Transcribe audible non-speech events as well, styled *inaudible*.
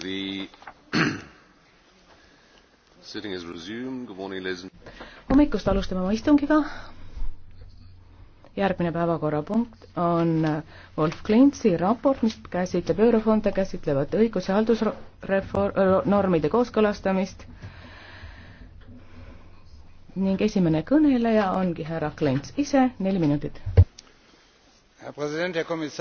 *clears throat* hommikust alustame oma istungiga. järgmine päevakorrapunkt on Wolf Klintsi raport, mis käsitleb eurofonde käsitlevat õigus- ja haldusnormide äh, kooskõlastamist. ning esimene kõneleja ongi härra Klints ise, neli minutit. härra president, härra komissar.